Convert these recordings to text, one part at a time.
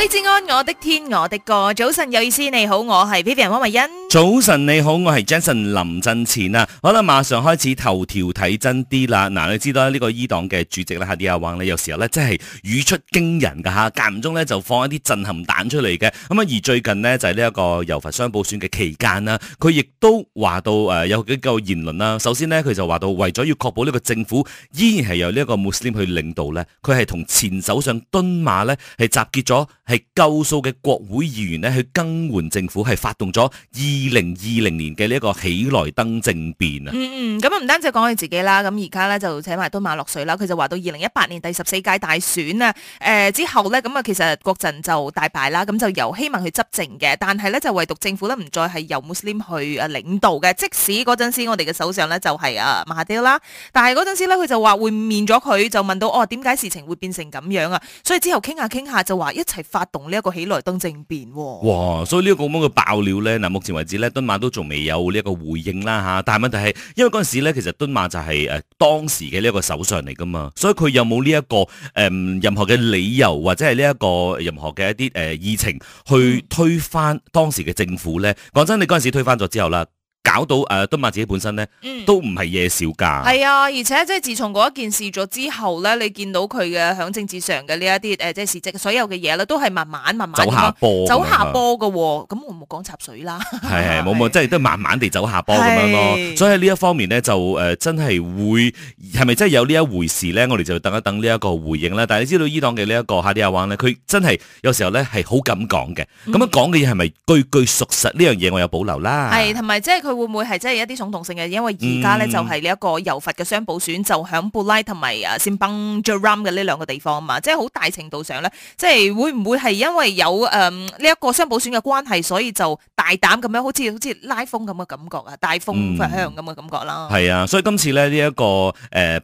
許志安，我的天，我的歌，早晨有意思，你好，我係 Vivian 汪慧欣。早晨你好，我係 Jason 林振前啊，好啦，馬上開始頭條睇真啲啦。嗱，你知道呢、呢個伊黨嘅主席咧，哈迪阿旺咧，有時候咧，真係語出驚人噶吓，間唔中咧就放一啲震撼彈出嚟嘅。咁啊，而最近咧就係呢一個柔佛州補選嘅期間啦，佢亦都話到誒、呃，有幾個言論啦。首先咧，佢就話到為咗要確保呢個政府依然係由呢一個穆斯林去領導咧，佢係同前首相敦馬咧係集結咗係夠數嘅國會議員咧去更換政府，係發動咗二。二零二零年嘅呢一個喜來登政變啊，嗯嗯，咁啊唔單止講佢自己啦，咁而家咧就請埋都馬落水啦，佢就話到二零一八年第十四屆大選啊，誒、呃、之後咧，咁啊其實國陣就大敗啦，咁就由希盟去執政嘅，但係咧就唯獨政府咧唔再係由穆斯林去啊領導嘅，即使嗰陣時我哋嘅首相咧就係啊馬哈迪啦，但係嗰陣時咧佢就話會面咗佢，就問到哦點解事情會變成咁樣啊，所以之後傾下傾下就話一齊發動呢一個喜來登政變，哇，所以呢一個咁嘅爆料咧，嗱目前為子咧，敦馬都仲未有呢一個回應啦嚇，但係問題係，因為嗰陣時咧，其實敦馬就係誒當時嘅呢一個首相嚟噶嘛，所以佢有冇呢一個誒、呃、任何嘅理由，或者係呢一個任何嘅一啲誒議程去推翻當時嘅政府咧？講真，你嗰陣時推翻咗之後啦。搞到誒敦馬自己本身咧，都唔係夜少價。係啊，而且即係自從嗰一件事咗之後咧，你見到佢嘅喺政治上嘅呢一啲誒，即係時政所有嘅嘢咧，都係慢慢慢慢走下坡，走下坡嘅喎。咁我冇講插水啦。係冇冇，即係都慢慢地走下坡咁樣咯。所以喺呢一方面咧，就誒真係會係咪真係有呢一回事咧？我哋就等一等呢一個回應啦。但係你知道伊黨嘅呢一個哈迪阿旺咧，佢真係有時候咧係好敢講嘅。咁樣講嘅嘢係咪句句屬實？呢樣嘢我有保留啦。係同埋即係佢。會唔會係即係一啲衝動性嘅？因為而家咧就係呢一個柔佛嘅雙補選，就喺布拉同埋啊，聖邦吉拉姆嘅呢兩個地方啊嘛，即係好大程度上咧，即係會唔會係因為有誒呢一個雙補選嘅關係，所以就大膽咁樣，好似好似拉風咁嘅感覺啊，大風發香咁嘅感覺啦。係啊，所以今次咧呢一個誒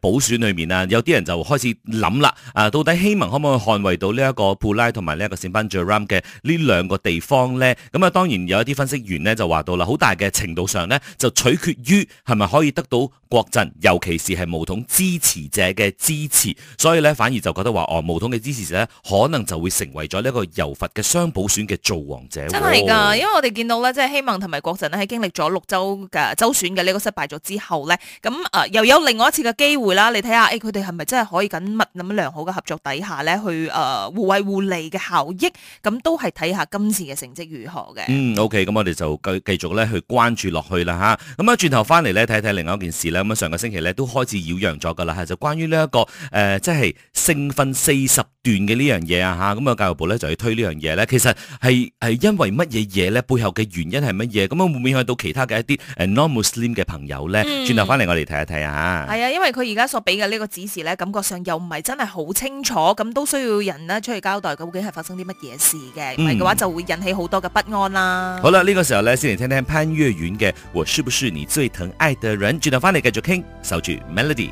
補選裏面啊，有啲人就開始諗啦啊，到底希盟可唔可以捍衞到呢一個布拉同埋呢一個聖邦吉拉姆嘅呢兩個地方咧？咁啊，當然有一啲分析員咧就話到啦，好大嘅程度上咧就取決於係咪可以得到國陣，尤其是係巫統支持者嘅支持，所以咧反而就覺得話，哦，巫統嘅支持者可能就會成為咗呢一個柔佛嘅雙補選嘅造王者。哦、真係㗎，因為我哋見到咧，即、就、係、是、希盟同埋國陣咧喺經歷咗六州嘅州選嘅呢個失敗咗之後咧，咁啊、呃、又有另外一次嘅機會啦。你睇下，誒佢哋係咪真係可以緊密咁良好嘅合作底下咧去誒、呃、互惠互利嘅效益？咁都係睇下今次嘅成績如何嘅。嗯，OK，咁我哋就繼繼續咧去關注落。去啦嚇，咁啊轉頭翻嚟咧睇睇另外一件事咧，咁啊上個星期咧都開始擾攘咗噶啦，就關於呢一個誒即係聖訓四十段嘅呢樣嘢啊嚇，咁啊教育部咧就去推呢樣嘢咧，其實係係因為乜嘢嘢咧？背後嘅原因係乜嘢？咁啊會唔會去到其他嘅一啲 non-Muslim 嘅朋友咧？轉頭翻嚟我嚟睇一睇啊，係啊，因為佢而家所俾嘅呢個指示咧，感覺上又唔係真係好清楚，咁都需要人咧出去交代，究竟係發生啲乜嘢事嘅，唔係嘅話就會引起好多嘅不安啦。好啦，呢個時候咧先嚟聽聽潘於遠嘅。我是不是你最疼愛的人？記得返嚟繼續聽，掃住 Melody。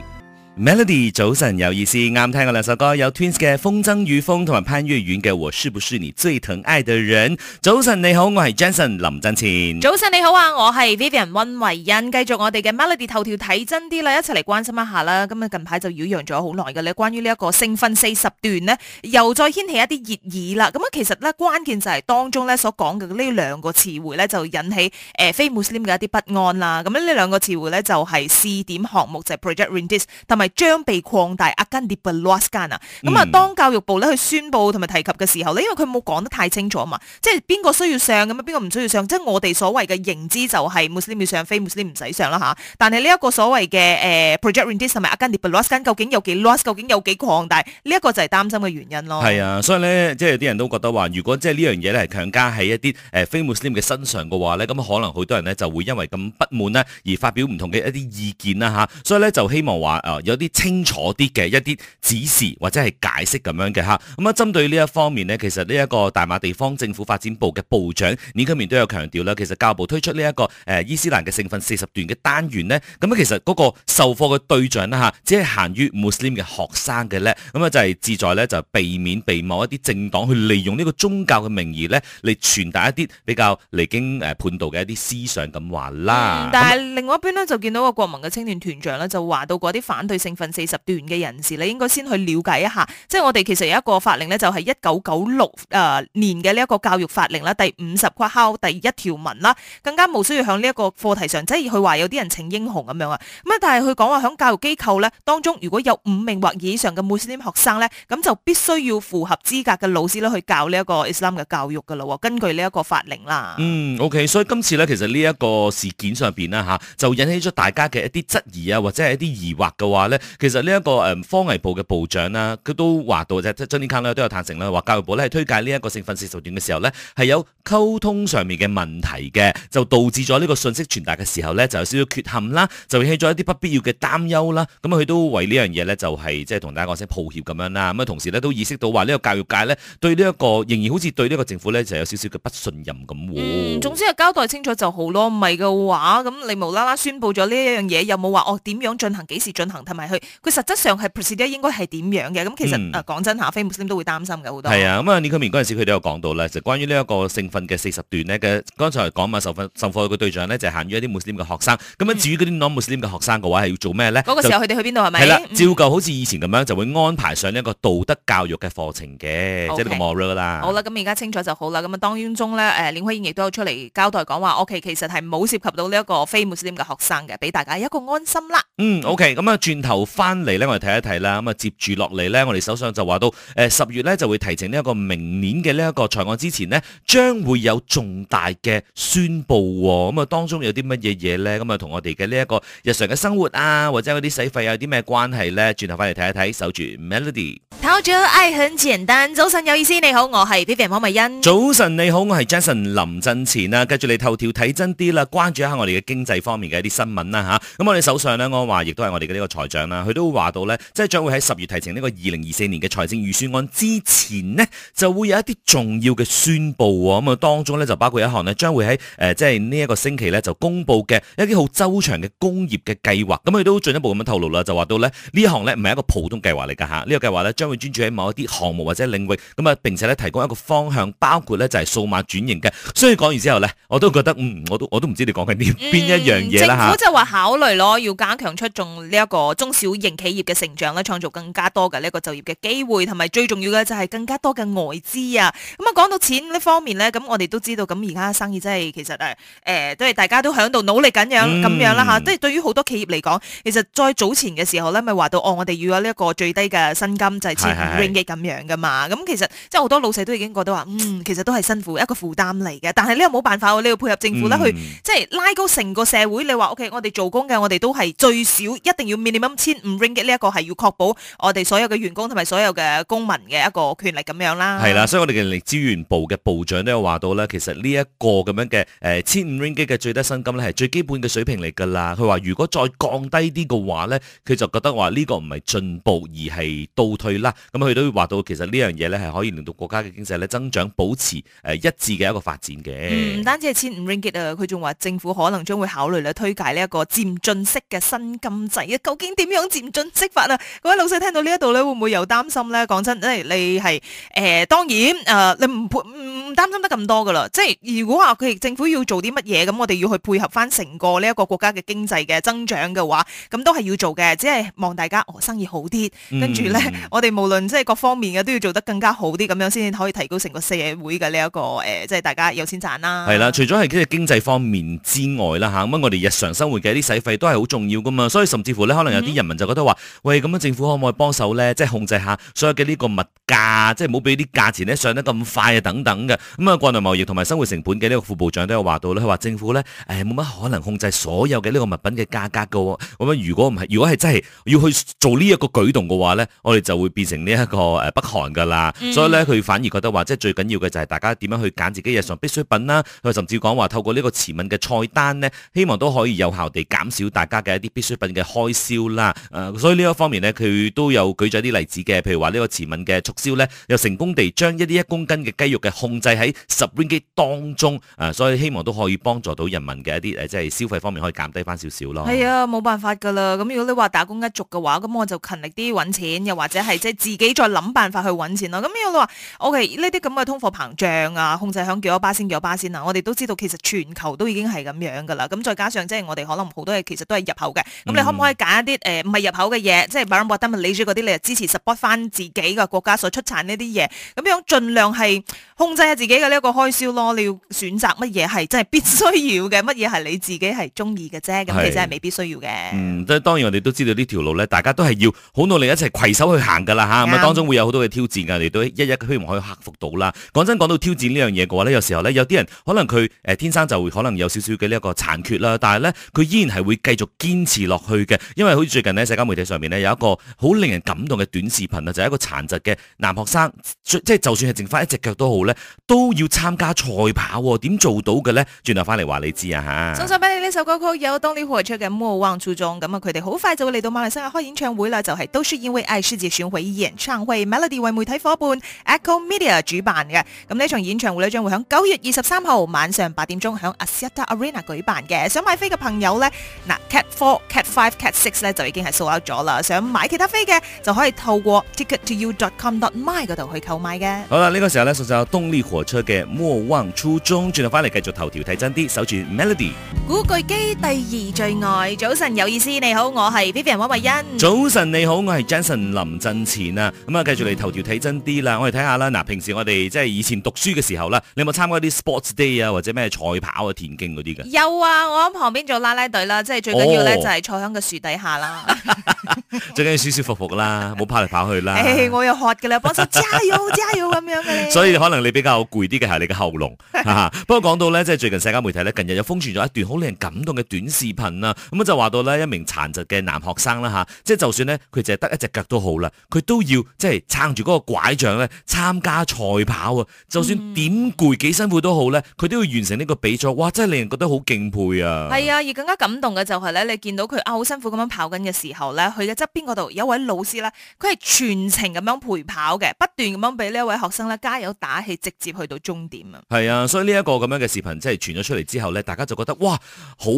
Melody 早晨有意思，啱聽我兩首歌，有 Twins 嘅《風箏與風》同埋潘越雲嘅《我是不是你最疼愛的人》。早晨你好，我係 Johnson 林振前。早晨你好啊，我係 Vivian 温慧欣。繼續我哋嘅 Melody 頭條睇真啲啦，一齊嚟關心一下啦。咁啊近排就擾攘咗好耐嘅咧，關於呢一個升分四十段呢，又再掀起一啲熱議啦。咁啊其實呢，關鍵就係當中呢所講嘅呢兩個詞彙呢，就引起誒、呃、非 Muslim 嘅一啲不安啦。咁呢兩個詞彙呢，就係、是、試點項目就係、是、Project Rendez 係將被擴大。agenda loss 間啊？咁啊，當教育部咧去宣佈同埋提及嘅時候咧，因為佢冇講得太清楚啊嘛，即係邊個需要上咁啊，邊個唔需要上？即係我哋所謂嘅認知就係 Muslim 要上，非 Muslim 唔使上啦嚇。但係呢一個所謂嘅誒 project reduce 係咪 agenda loss 間？究竟有幾 loss？究竟有幾擴大？呢、這、一個就係擔心嘅原因咯。係啊，所以咧，即係有啲人都覺得話，如果即係呢樣嘢咧強加喺一啲誒非 Muslim 嘅身上嘅話咧，咁可能好多人咧就會因為咁不滿咧而發表唔同嘅一啲意見啦嚇。所以咧就希望話誒、呃有啲清楚啲嘅一啲指示或者係解釋咁樣嘅吓，咁啊針對呢一方面咧，其實呢一個大馬地方政府發展部嘅部長，年今年都有強調啦，其實教育部推出呢、這、一個誒、呃、伊斯蘭嘅聖訓四十段嘅單元咧，咁啊其實嗰個授課嘅對象啦吓、啊、只係限於穆斯林嘅學生嘅咧，咁啊就係旨在咧就避免被某一啲政黨去利用呢個宗教嘅名義咧嚟傳達一啲比較離經誒叛道嘅一啲思想咁話啦。但係另外一邊咧就見到個國民嘅青年團長咧就話到嗰啲反對。成分四十段嘅人士，你應該先去了解一下，即係我哋其實有一個法令咧、呃，就係一九九六誒年嘅呢一個教育法令啦，第五十括號第一條文啦，更加冇需要響呢一個課題上，即係佢話有啲人請英雄咁樣啊，咁啊，但係佢講話響教育機構咧當中，如果有五名或以上嘅穆斯林學生咧，咁就必須要符合資格嘅老師咧去教呢一個 Islam 嘅教育噶咯。根據呢一個法令啦。嗯，OK，所以今次咧其實呢一個事件上邊啦吓，就引起咗大家嘅一啲質疑啊，或者係一啲疑惑嘅話。其實呢、這、一個誒、嗯、科藝部嘅部長啦，佢都話到即張天康都有坦承啦，話教育部咧係推介呢一個性粉絲手段嘅時候呢，係有溝通上面嘅問題嘅，就導致咗呢個信息傳達嘅時候呢，就有少少缺陷啦，就引起咗一啲不必要嘅擔憂啦。咁、啊、佢、嗯、都為呢樣嘢呢，就係、是、即係同大家講聲抱歉咁樣啦。咁、嗯、啊，同時呢，都意識到話呢個教育界呢，對呢、這、一個仍然好似對呢個政府呢，就有少少嘅不信任咁、哦。嗯，總之係交代清楚就好咯。唔係嘅話，咁你無啦啦宣佈咗呢一樣嘢，有冇話我點樣進行，幾時進行，同埋。係佢，佢實質上係 president 應該係點樣嘅？咁其實誒講真嚇，非穆斯林都會擔心嘅好多。係啊，咁啊，李開明嗰陣時佢都有講到咧，就關於呢一個聖訓嘅四十段咧嘅。剛才講啊，受訓受課嘅對象咧就限於一啲穆斯林嘅學生。咁樣至於嗰啲 non-Muslim 嘅學生嘅話係要做咩咧？嗰個時候佢哋去邊度係咪？係啦，照舊好似以前咁樣，就會安排上呢一個道德教育嘅課程嘅，即係呢個 moral 啦。好啦，咁而家清楚就好啦。咁啊，當中咧誒，李開明亦都有出嚟交代講話，O.K. 其實係冇涉及到呢一個非穆斯林嘅學生嘅，俾大家一個安心啦。嗯，O.K. 咁啊，轉頭。留翻嚟咧，我哋睇一睇啦。咁啊，接住落嚟咧，我哋手上就話到，誒十月咧就會提前呢一個明年嘅呢一個財案之前咧，將會有重大嘅宣布。咁啊，當中有啲乜嘢嘢咧？咁啊，同我哋嘅呢一個日常嘅生活啊，或者嗰啲使費有啲咩關係咧？轉頭翻嚟睇一睇，守住 Melody。拋咗愛很簡單，早晨有意思，你好，我係 B B M 黃美欣。早晨你好，我係 Jason 林振前啊。跟住你頭條睇真啲啦，關注一下我哋嘅經濟方面嘅一啲新聞啦吓。咁我哋手上咧，我話亦都係我哋嘅呢個財。佢都話到呢，即、就、係、是、將會喺十月提呈呢個二零二四年嘅財政預算案之前呢，就會有一啲重要嘅宣佈喎。咁、哦、啊、嗯，當中呢，就包括一項呢，將會喺誒即係呢一個星期呢，就公布嘅一啲好周詳嘅工業嘅計劃。咁、嗯、佢都進一步咁樣透露啦，就話到呢，一行呢一項咧唔係一個普通計劃嚟㗎嚇，呢、啊這個計劃呢，將會專注喺某一啲項目或者領域咁啊，並且呢提供一個方向，包括呢就係、是、數碼轉型嘅。所以講完之後呢，我都覺得嗯，我都我都唔知你講緊邊一樣嘢啦嚇。政府就話考慮咯，啊、要加強，強出眾呢一個。中小型企業嘅成長咧，創造更加多嘅呢一個就業嘅機會，同埋最重要嘅就係更加多嘅外資啊！咁、嗯、啊，講到錢呢方面咧，咁我哋都知道，咁而家生意真係其實誒誒、呃，都係大家都響度努力緊樣咁、嗯、樣啦、啊、吓，即係對於好多企業嚟講，其實再早前嘅時候咧，咪話到哦，我哋要有呢一個最低嘅薪金就係千零幾咁樣噶、啊、嘛，咁、嗯、其實即係好多老細都已經覺得話，嗯，其實都係辛苦一個負擔嚟嘅，但係呢又冇辦法喎，你、這個、要配合政府咧、嗯、去即係拉高成個社會，你話 O K，我哋做工嘅我哋都係最少一定要 minimum 千五 ringgit 呢一個係要確保我哋所有嘅員工同埋所有嘅公民嘅一個權利咁樣啦。係啦，所以我哋人力資源部嘅部長都有話到咧，其實呢一個咁樣嘅誒千五 ringgit 嘅最低薪金咧，係最基本嘅水平嚟㗎啦。佢話如果再降低啲嘅話咧，佢就覺得話呢個唔係進步而係倒退啦。咁佢都會話到其實呢樣嘢咧係可以令到國家嘅經濟咧增長保持誒一致嘅一個發展嘅。唔單止係千五 ringgit 啊，佢仲話政府可能將會考慮咧推介呢一個漸進式嘅薪金制啊，究竟啲？點樣漸進釋法啊？各位老細聽到會會呢一度咧，會唔會又擔心咧？講真，即係你係誒，當然誒、呃，你唔配唔擔心得咁多噶啦。即係如果話佢政府要做啲乜嘢，咁我哋要去配合翻成個呢一個國家嘅經濟嘅增長嘅話，咁都係要做嘅。只係望大家生意好啲，嗯、跟住咧，我哋無論即係各方面嘅都要做得更加好啲，咁樣先可以提高成個社會嘅呢一個誒，即、呃、係、就是、大家有錢賺啦。係啦，除咗係經濟方面之外啦吓，咁、啊、我哋日常生活嘅一啲使費都係好重要噶嘛，所以甚至乎咧，可能有啲。人民就覺得話喂，咁樣政府可唔可以幫手咧？即係控制下所有嘅呢個物價，即係唔好俾啲價錢咧上得咁快啊！等等嘅咁啊，國、嗯、內貿易同埋生活成本嘅呢個副部長都有話到咧，佢話政府咧誒冇乜可能控制所有嘅呢個物品嘅價格噶。咁樣如果唔係，如果係真係要去做呢一個舉動嘅話咧，我哋就會變成呢一個誒北韓噶啦。嗯、所以咧，佢反而覺得話，即係最緊要嘅就係大家點樣去揀自己日常必需品啦、啊。佢甚至講話透過呢個慈憫嘅菜單咧，希望都可以有效地減少大家嘅一啲必需品嘅開銷啦。啊，誒，所以呢一方面咧，佢都有舉咗一啲例子嘅，譬如話呢個慈文嘅促銷咧，又成功地將一啲一公斤嘅雞肉嘅控制喺十蚊幾當中，啊，所以希望都可以幫助到人民嘅一啲誒，即係消費方面可以減低翻少少咯。係啊，冇辦法㗎啦。咁如果你話打工一族嘅話，咁我就勤力啲揾錢，又或者係即係自己再諗辦法去揾錢咯。咁如果你話 O K 呢啲咁嘅通貨膨脹啊，控制響幾多巴先幾多巴先啊？我哋都知道其實全球都已經係咁樣㗎啦。咁再加上即係我哋可能好多嘢其實都係入口嘅，咁你可唔可以揀一啲誒，唔係入口嘅嘢，即係馬拉多特咪理嗰啲，你就支持 support 翻自己嘅國家所出產呢啲嘢，咁樣儘量係控制下自己嘅呢一個開銷咯。你要選擇乜嘢係真係必須要嘅，乜嘢係你自己係中意嘅啫。咁其實係未必需要嘅。嗯，當然我哋都知道呢條路咧，大家都係要好努力一齊攜手去行噶啦嚇。咁啊的，當中會有好多嘅挑戰嘅，你都一一希望可以克服到啦。講真，講到挑戰呢樣嘢嘅話咧，有時候咧，有啲人可能佢誒天生就會可能有少少嘅呢一個殘缺啦，但係咧，佢依然係會繼續堅持落去嘅，因為佢最近呢，社交媒體上面呢，有一個好令人感動嘅短視頻啊，就係一個殘疾嘅男學生，即係就算係剩翻一隻腳都好咧，都要參加賽跑，點做到嘅咧？轉頭翻嚟話你知啊嚇。送上俾你呢首歌曲，有《Donny h i c k 嘅 Mo Wang 組裝。咁啊，佢哋好快就會嚟到馬來西亞開演唱會啦，就係都書協會愛書節選舉演唱會，Melody 為媒體伙伴，Echo Media 主辦嘅。咁呢場演唱會呢，將會響九月二十三號晚上八點鐘響 Axiata Arena 舉辦嘅。想買飛嘅朋友咧，嗱 Cat Four、Cat Five、Cat Six 咧已經係 sold out 咗啦，想買其他飛嘅就可以透過 ticket2u.com.my 嗰度去購買嘅。好了，呢、這個時候咧，送上動力火車嘅《莫忘初衷》，轉頭翻嚟繼續頭條睇真啲，守住 Melody。古巨基第二最愛，早晨有意思，你好，我係 Vivian 温慧欣。早晨你好，我係 Jason 林振前啊。咁、嗯、啊，繼續嚟頭條睇真啲啦，我哋睇下啦。嗱、呃，平時我哋即係以前讀書嘅時候啦，你有冇參加啲 sports day 啊，或者咩賽跑啊、田徑嗰啲嘅？有啊，我喺旁邊做拉拉隊啦，即係最緊要咧、哦、就係坐響個樹底下啦。 最緊要舒舒服服啦，冇跑嚟跑去啦。嘿嘿我又渴嘅啦，幫手加油加油咁樣 所以可能你比較攰啲嘅係你嘅喉嚨。 不過講到呢，即係最近社交媒體咧，近日有瘋傳咗一段好令人感動嘅短視頻啊。咁就話到呢一名殘疾嘅男學生啦吓，即係就算呢，佢淨係得一隻腳都好啦，佢都要即係撐住嗰個拐杖呢參加賽跑啊。就算點攰幾辛苦都好呢，佢都要完成呢個比賽。哇，真係令人覺得好敬佩啊。係啊，而更加感動嘅就係呢，你見到佢啊，好辛苦咁樣跑緊。嘅時候咧，佢嘅側邊嗰度有一位老師咧，佢係全程咁樣陪跑嘅，不斷咁樣俾呢一位學生咧加油打氣，直接去到終點啊！係啊，所以呢一個咁樣嘅視頻即係傳咗出嚟之後咧，大家就覺得哇，好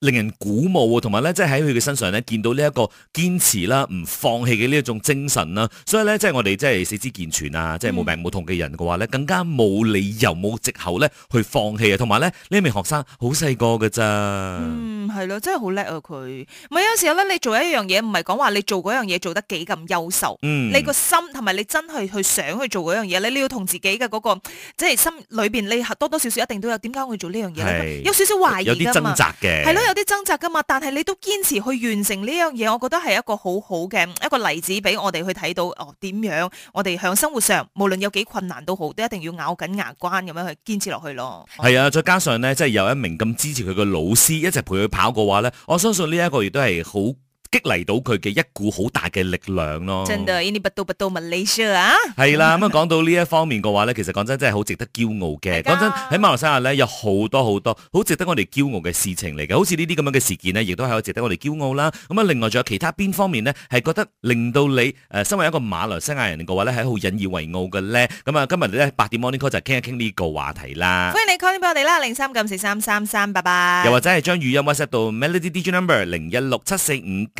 令人鼓舞啊！同埋咧，即係喺佢嘅身上咧見到呢一個堅持啦，唔放棄嘅呢一種精神啦，所以咧，即係我哋即係四肢健全啊，即係冇病冇痛嘅人嘅話咧，更加冇理由冇借口咧去放棄啊！同埋咧，呢一名學生好細個㗎咋，嗯，係咯、啊，真係好叻啊！佢唔係有陣時咧，你做做一樣嘢唔係講話你做嗰樣嘢做得幾咁優秀，嗯你，你個心同埋你真係去想去做嗰樣嘢你你要同自己嘅嗰、嗰個即係心裏邊你多多少少一定都有，點解我要做呢樣嘢？有少少懷疑噶嘛，有啲掙扎嘅，係咯，有啲掙扎噶嘛。但係你都堅持去完成呢樣嘢，我覺得係一個好好嘅一個例子俾我哋去睇到哦。點樣我哋向生活上無論有幾困難都好，都一定要咬緊牙關咁樣去堅持落去咯。係啊，再加上呢，即係有一名咁支持佢嘅老師一直陪佢跑嘅話呢。我相信呢一個月都係好。激勵到佢嘅一股好大嘅力量咯！真嘅，In the battle of Malaysia 啊！係啦，咁啊講到呢一方面嘅話咧，其實講真真係好值得驕傲嘅。講真，喺馬來西亞咧有好多好多好值得我哋驕傲嘅事情嚟嘅，好似呢啲咁樣嘅事件咧，亦都係好值得我哋驕傲啦。咁啊，另外仲有其他邊方面咧，係覺得令到你誒身為一個馬來西亞人嘅話咧，係好引以為傲嘅咧。咁啊，今日咧八點 Morning Call 就傾一傾呢個話題啦。歡迎你 call 嚟俾我哋啦，零三九四三三三，八八。又或者係將語音 WhatsApp 到 Melody DJ Number 零一六七四五。